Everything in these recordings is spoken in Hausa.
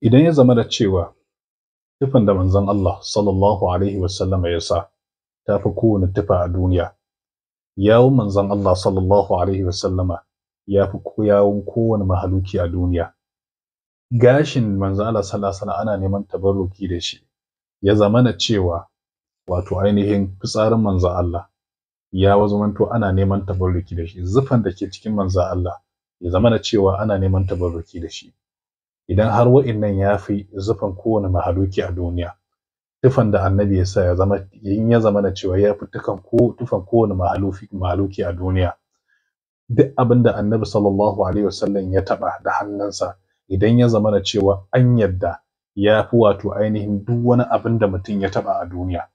idan ya zama da cewa tufan da manzon Allah sallallahu alaihi wasallam ya sa ta fi kowane tufa a duniya yawon manzon Allah sallallahu alaihi wasallama ya fi yawon kowane mahaluki a duniya gashin manzon Allah sallallahu alaihi ana neman tabarruki da shi ya zama da cewa wato ainihin fitsarin manzon Allah ya zamanto ana neman tabarruki da shi zufan da ke cikin manzon Allah ya zama da cewa ana neman tabarruki da shi idan har wa'innan ya fi zufan kowane mahaluki a duniya tufan da annabi ya sa ya zama in ya zama na cewa ya fi tufan kowane mahaluki a duniya duk abin da annabi sallallahu alaihi wasallam ya taba da hannunsa idan ya zama na cewa an yadda ya fi wato ainihin duk wani abin da mutum ya taba a duniya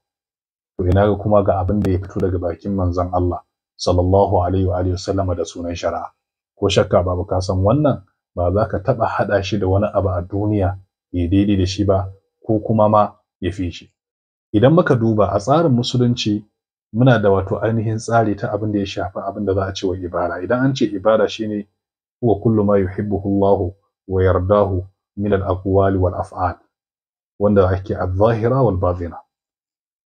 to ina ga kuma ga abin da ya fito daga bakin manzon Allah sallallahu alaihi wa alihi wasallam da sunan shari'a ko shakka babu ka san wannan ba za ka taɓa haɗa shi da wani abu a duniya ya daidai da shi ba ko kuma ma ya fi shi idan muka duba a tsarin musulunci muna da wato ainihin tsari ta abin da ya shafi abin da za a ce wa ibada idan an ce ibada shine wa kullu ma yuhibbuhu wa yardahu min al-aqwali wal af'al wanda ake al-zahira wal batina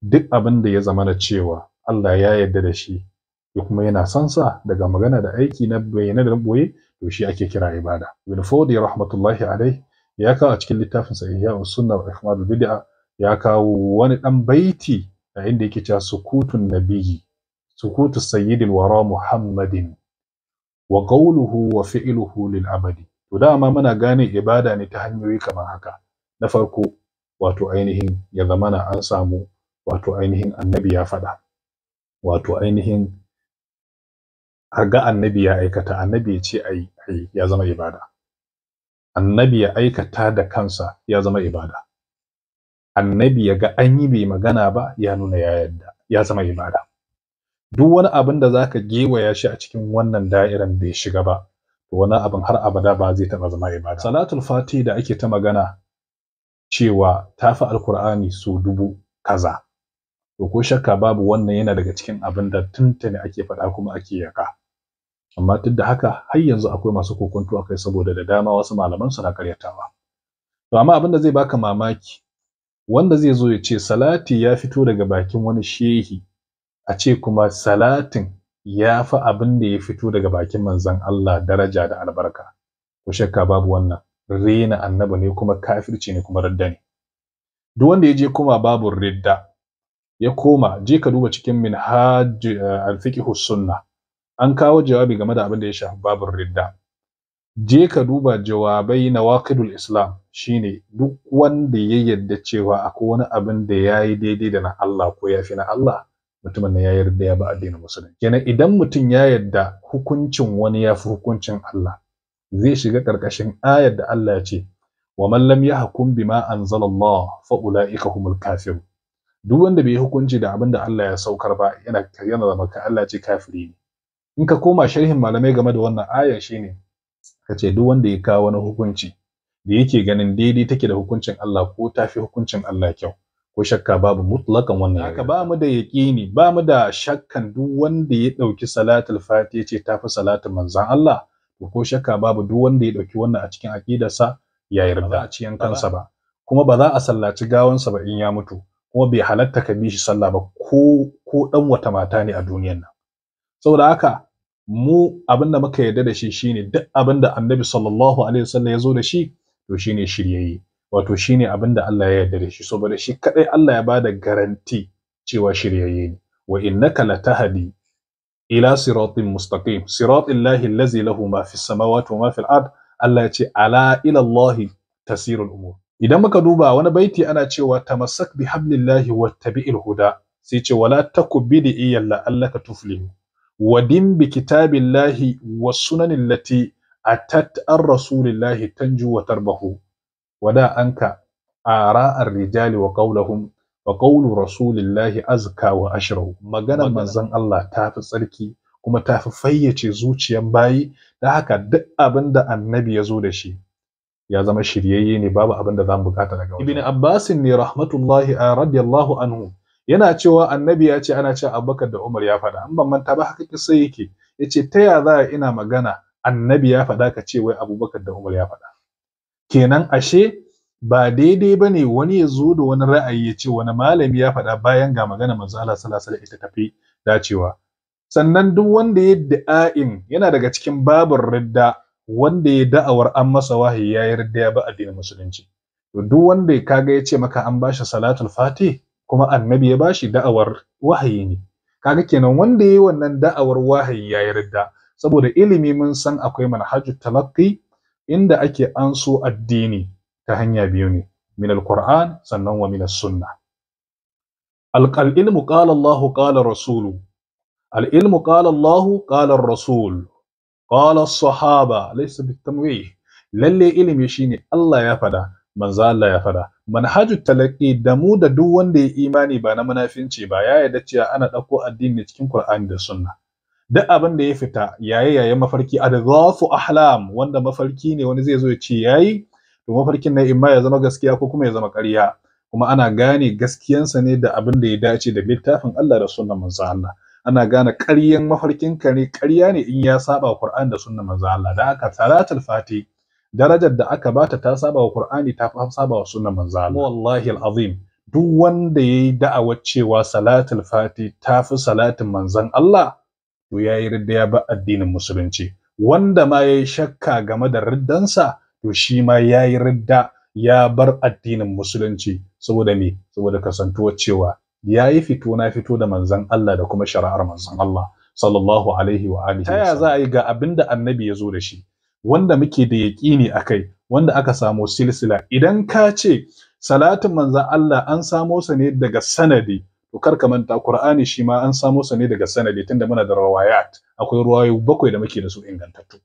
duk abin da ya zama na cewa Allah ya yarda da shi ya kuma yana son sa daga magana da aiki na bayyana da boye to shi ake kira ibada ibn fawdi rahmatullahi alaihi ya kawo a cikin littafin sa ihya sunna wa ihmadul bid'a ya kawo wani dan baiti a inda yake cewa sukutun nabiyyi sukutu sayyidil wara muhammadin wa qawluhu wa fi'luhu lil abadi to dama muna gane ibada ne ta hanyoyi kamar haka na farko wato ainihin ya zamana an samu wato ainihin annabi ya faɗa wato ainihin a ga annabi ya aikata annabi ya ce ai ai ya zama ibada annabi ya aikata da kansa ya zama ibada annabi ya ga an yi bai magana ba ya nuna ya yadda ya zama ibada duk wani abin da zaka gewaya shi a cikin wannan da'iran bai shiga ba to wani abin har abada ba zai taba zama ibada salatul fati da ake ta magana cewa tafi alkur'ani su dubu kaza to ko shakka babu wannan yana daga cikin abin da tuntuni ake faɗa kuma ake yaka amma duk da haka har yanzu akwai masu kokonto akai saboda da dama wasu malaman suna karyatawa to amma abin da zai baka mamaki wanda zai zo ya ce salati ya fito daga bakin wani shehi a ce kuma salatin ya fi abin da ya fito daga bakin manzon Allah daraja da albarka ko shakka babu wannan rena annabi ne kuma kafirci ne kuma radda ne duk wanda ya je kuma babu ridda ya koma je ka duba cikin minhaj eh, al-fiqh sunnah an kawo jawabi game da abin da ya shafi Babur ridda je ka duba jawabai na waqidul islam shine duk wanda ya yarda cewa akwai wani abin da yayi daidai da na Allah ko yafi na Allah mutumin ne ya yarda ya ba addinin musulunci kenan idan mutum ya yarda hukuncin wani ya fi hukuncin Allah zai shiga karkashin ayar da Allah ya ce wa man lam yahkum bima anzalallah fa ulaika humul kafirun duk wanda bai hukunci da abin da Allah ya saukar ba yana yana zama ka Allah ce kafiri ne in ka koma sharhin malamai game da wannan aya shine ka ce duk wanda ya kawo wani hukunci da yake ganin daidai take da hukuncin Allah ko tafi hukuncin Allah kyau ko shakka babu mutlakan wannan haka ba mu da yaqini ba mu da shakkan duk wanda ya dauki salatul fati yace tafi salatu, manzon Allah ko shakka babu duk wanda ya dauki wannan a cikin aqidarsa ya yarda a cikin kansa ba kuma ba za a sallaci gawansa ba in ya mutu kuma bai halatta ka bi shi sallah ba ko ko dan wata mata ne a duniyar nan saboda haka mu abin da muka yarda da shi shine duk abin da annabi sallallahu alaihi wasallam ya zo da shi to shine shiryayye wato shine abin da Allah ya yarda da shi saboda shi kadai Allah ya bada garanti cewa shiryayye ne wa innaka latahdi ila siratin mustaqim siratil lahi allazi lahu ma fis samawati wa ma fil ard Allah ya ce ala ila Allah tasirul umur idan muka duba wani baiti ana cewa tamassak bi hablillahi wattabi'il huda sai ce wala takubbi da iyalla allaka tuflihu wadin bi kitabillahi wa sunanin lati atat an rasulillahi tanju wa tarbahu wada anka ara ar-rijali wa qawluhum wa qawlu rasulillahi azka wa ashrahu maganar manzon Allah ta fi tsarki kuma ta fi fayyace zuciyar bayi da haka duk abin da annabi ya zo da shi ya zama shiryayye ne babu abin da zamu bukata daga wani ibn abbasin ne rahmatullahi a eh, radiyallahu anhu yana cewa annabi ya ce ana cewa abubakar da umar ya faɗa an ban manta ba haka kisa yake ya ce ta ya za ina magana annabi ya faɗa ka ce wai abubakar da umar ya faɗa kenan ashe ba daidai ba ne wani ya zo da wani ra'ayi ya ce wani malami ya faɗa bayan ga magana manzo Allah sallallahu alaihi ita tafi dacewa sannan duk wanda ya da'a'in yana daga cikin babur ridda wanda ya da'awar an masa wahayi ya yarda ya ba addinin musulunci to duk wanda kaga ya ce maka an bashi salatul fatih kuma annabi ya bashi da'awar wahayi ne kaga kenan wanda yayi wannan da'awar wahayi ya yarda saboda ilimi mun san akwai manhajut talaqqi inda ake anso addini ta hanya biyu ne min alquran sannan wa min as-sunnah alqal ilmu qala Allah qala rasulu العلم قال الله قال الرسول قال الصحابة ليس بالتمويه ilimi shine Allah ya faɗa. manzo Allah ya fada manhajut talaqi da mu da duk wanda ya imani ba na munafinci ba ya yarda cewa ana dauko addini cikin Qur'ani da Sunna duk abin da ya fita yayi yayi mafarki adghafu ahlam wanda mafarki ne wani zai zo ya ce yayi to mafarkin nan imma ya zama gaskiya ko kuma ya zama ƙarya kuma ana gane gaskiyansa ne da abin da ya dace da littafin Allah da sunnar manzo Allah ana gane ƙaryan mafarkin ne ƙarya ne in ya saba Qur'ani da sunnar manzo Allah da aka salatul fati darajar da aka bata ta saba wa Qur'ani ta saba wa sunnar manzo Allah wallahi alazim duk wanda yayi da'awar cewa salatul fati tafi salatin manzon Allah to yayi ridda ya ba addinin musulunci wanda ma yayi shakka game da riddansa to shi ma yayi ridda ya bar addinin musulunci saboda me saboda kasantuwar cewa yayi fito na fito da manzon Allah da kuma shari'ar manzon Allah sallallahu alaihi wa alihi ta za a yi ga abinda annabi ya zo da shi wanda muke da yaƙini a kai wanda aka samo silsila idan ka ce salatin manzan Allah an samo sa ne daga sanadi to kar ka manta Qur'ani shi ma an samo sa ne daga sanadi tunda muna da rawayat akwai ruwayoyi bakwai da muke da su ingantattu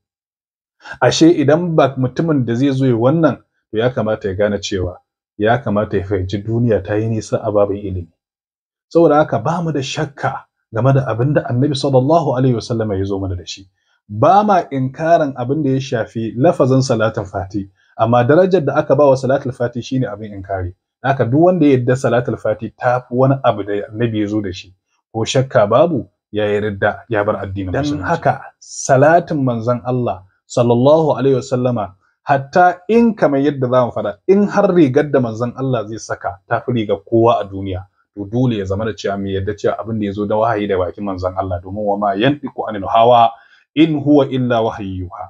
ashe idan ba mutumin da zai zo wannan to ya kamata ya gane cewa ya kamata ya fahimci duniya ta yi nisa a babin ilimi saboda haka ba mu da shakka game da abinda annabi sallallahu alaihi wasallam ya zo mana da shi ba ma inkarin abin da ya shafi lafazin salatul fati amma darajar da aka ba wa salatul fati shine abin inkari haka duk wanda ya yarda salatul fati ta fi wani abu da annabi ya zo da shi ko shakka babu ya yarda ya bar addinin musulunci dan haka salatin manzon Allah sallallahu alaihi wasallama hatta in kamar yadda za mu faɗa in har rigar da manzon Allah zai saka ta fi riga kowa a duniya to dole ya zama da cewa mai yadda cewa abin da ya zo da wahayi da bakin manzon Allah domin wa ma yantiqu anil hawa in huwa illa wahayyuha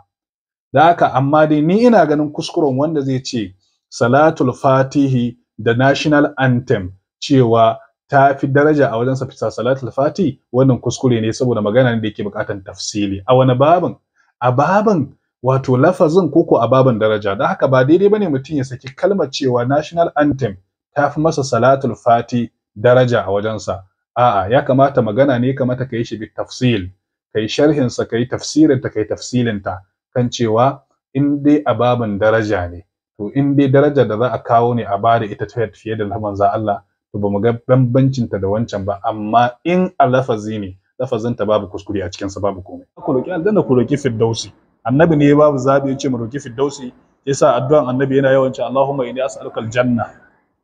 da haka amma dai ni ina ganin kuskuren wanda zai ce salatul fatihi da national anthem cewa ta fi daraja a wajen fisa salatul fati wannan kuskure ne saboda magana ne da yake bukatan tafsili a wani babin a babin wato lafazin koko a babin daraja da haka ba daidai bane mutum ya saki kalmar cewa national anthem ta fi masa salatul fati daraja a wajensa a'a ya kamata magana ne kamata ka yi shi bi tafsili kai sharhin sa kai tafsirin ta kai tafsilin ta kan cewa in dai ababan daraja ne to in dai daraja da za a kawo ne a bada ita ta fiye da za Allah to ba mu ga bambancin ta da wancan ba amma in a lafazi ne lafazin ta babu kuskure a cikin sa babu komai ku roki aljanna ku roki firdausi annabi ne babu zabi yace mu roki firdausi yasa addu'an annabi yana yawan cewa Allahumma inni as'aluka aljanna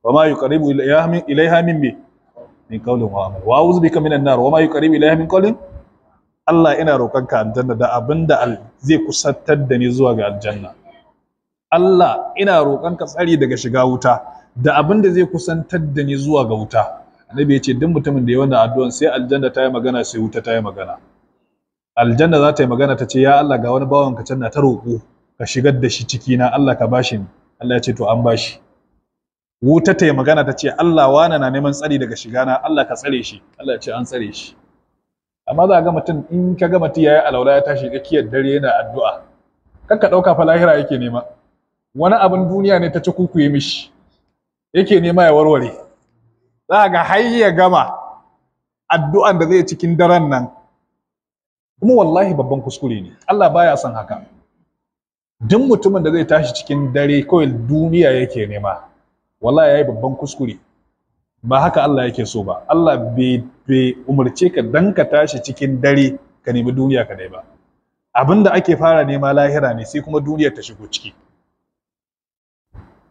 wa ma yuqribu ilayha min ilayha min bi min qawlin wa amal wa a'udhu bika minan nar wa ma yuqribu ilayha min qawlin Allah ina roƙonka aljanna da abin da zai kusantar da ni zuwa ga aljanna Allah ina roƙonka tsari daga shiga wuta da abin da zai kusantar da ni zuwa ga wuta annabi ya ce duk mutumin da ya wanda addu'an sai aljanna ta yi magana sai wuta ta yi magana aljanna za ta yi magana ta ce ya Allah ga wani bawanka can na ta roƙo ka shigar da shi ciki na Allah ka bashi ni Allah ya ce to an bashi wuta ta yi magana ta ce Allah wane na neman tsari daga shiga na Allah ka tsare shi Allah ya ce an tsare shi amma za ga mutum in ka ga mutum yayi alaula ya tashi tsakiyar dare yana addu'a kar ka dauka fa lahira yake nema wani abin duniya ne ta ci kukuye mishi yake nema ya warware za ga har ya gama addu'an da zai cikin daren nan kuma wallahi babban kuskure ne Allah baya son haka duk mutumin da zai tashi cikin dare kawai duniya yake nema wallahi yayi babban kuskure ba haka Allah yake so ba Allah bai umarce ka dan ka tashi cikin dare ka nemi duniya ka dai ba Abinda da ake fara nema lahira ne sai kuma duniya ta shigo ciki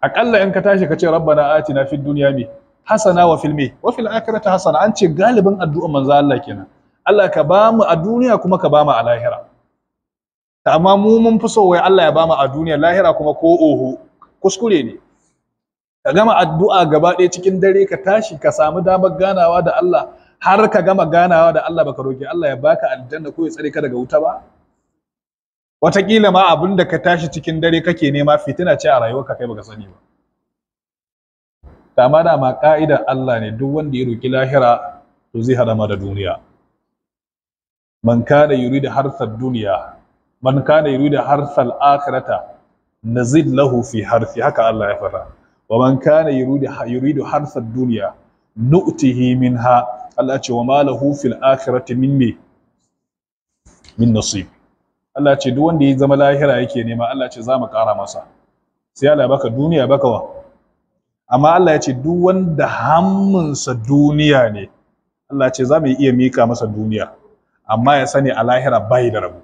aƙalla in ka tashi ka ce rabbana atina fid dunya mi hasana wa fil mi wa fil akhirati hasana an ce galibin addu'a manzo Allah kenan Allah ka ba mu a duniya kuma ka ba mu a lahira amma mu mun fi so wai Allah ya ba mu a duniya lahira kuma ko oho kuskure ne ka gama addu'a gaba ɗaya cikin dare ka tashi ka samu damar ganawa da Allah har ka gama ganawa da Allah baka roki Allah ya baka aljanna ko ya tsare ka daga wuta ba wataƙila ma abin da ka tashi cikin dare kake nema fitina ce a rayuwarka kai baka sani ba dama dama ka'idar Allah ne duk wanda ya roki lahira to zai harama da duniya man kana yurida harsal duniya man kana yurida harsal akhirata nazid lahu fi harfi haka Allah ya fara wa man kana yuridu duniya, harsa dunya nu'tihi minha Allah ce wa ma lahu fil akhirati min min nasib Allah ce duk wanda ya zama lahira yake nema Allah ce za mu kara masa sai Allah baka duniya baka wa amma Allah ce duk wanda hammunsa duniya ne Allah ce za mu iya mika masa duniya amma ya sani a lahira bai da rabu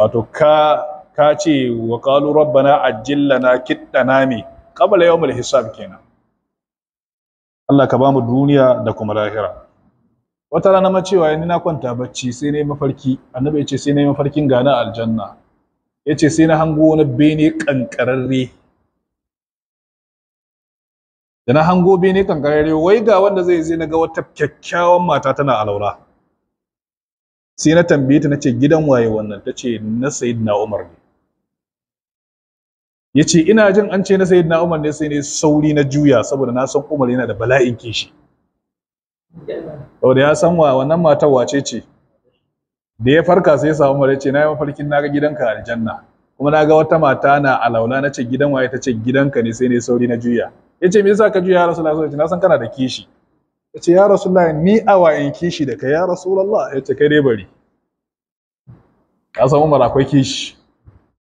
wato ka ce wa qalu a qabla yawmul hisab kenan Allah ka bamu duniya da kuma lahira wata rana ma cewa ni na kwanta bacci sai nayi mafarki annabi ya ce sai nayi mafarkin gana aljanna ya ce sai na hango wani bene kankararre da na hango bene kankararre wai ga wanda zai zai na ga wata kyakkyawan mata tana alaura sai na tambaye ta nace gidan waye wannan tace na sayyidina Umar ne ya ce ina jin an ce na sayi na umar ne sai ne sauri na juya saboda na san umar yana da bala'in kishi saboda ya san wa wannan matar wace ce da ya farka sai ya samu umar ya ce na yi mafarkin na ga gidanka aljanna kuma na ga wata mata na alaula na ce gidan waye ta ce gidanka ne sai ne sauri na juya ya ce me yasa ka juya ya rasulullahi sai na san kana da kishi ya ce ya rasulullahi ni awa in kishi da kai ya rasulullahi ya ce kai dai bari ka san umar akwai kishi